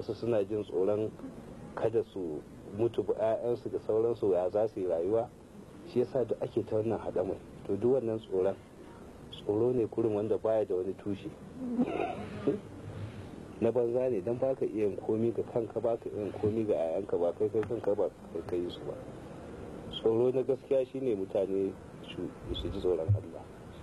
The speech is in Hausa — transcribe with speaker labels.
Speaker 1: wasu suna jin tsoron kada su mutu ‘ya'yansu da sauransu ya za su yi rayuwa shi yasa da ake ta wannan haɗamai to duk wannan tsoron tsoro ne kurin wanda baya da wani tushe na banza ne don baka iya yin komi ga kanka baka iya yin komi ga ‘ya'yanka ba kai kai kanka ba kai kai su ba tsoro na gaskiya shine mutane su
Speaker 2: ji tsoron Allah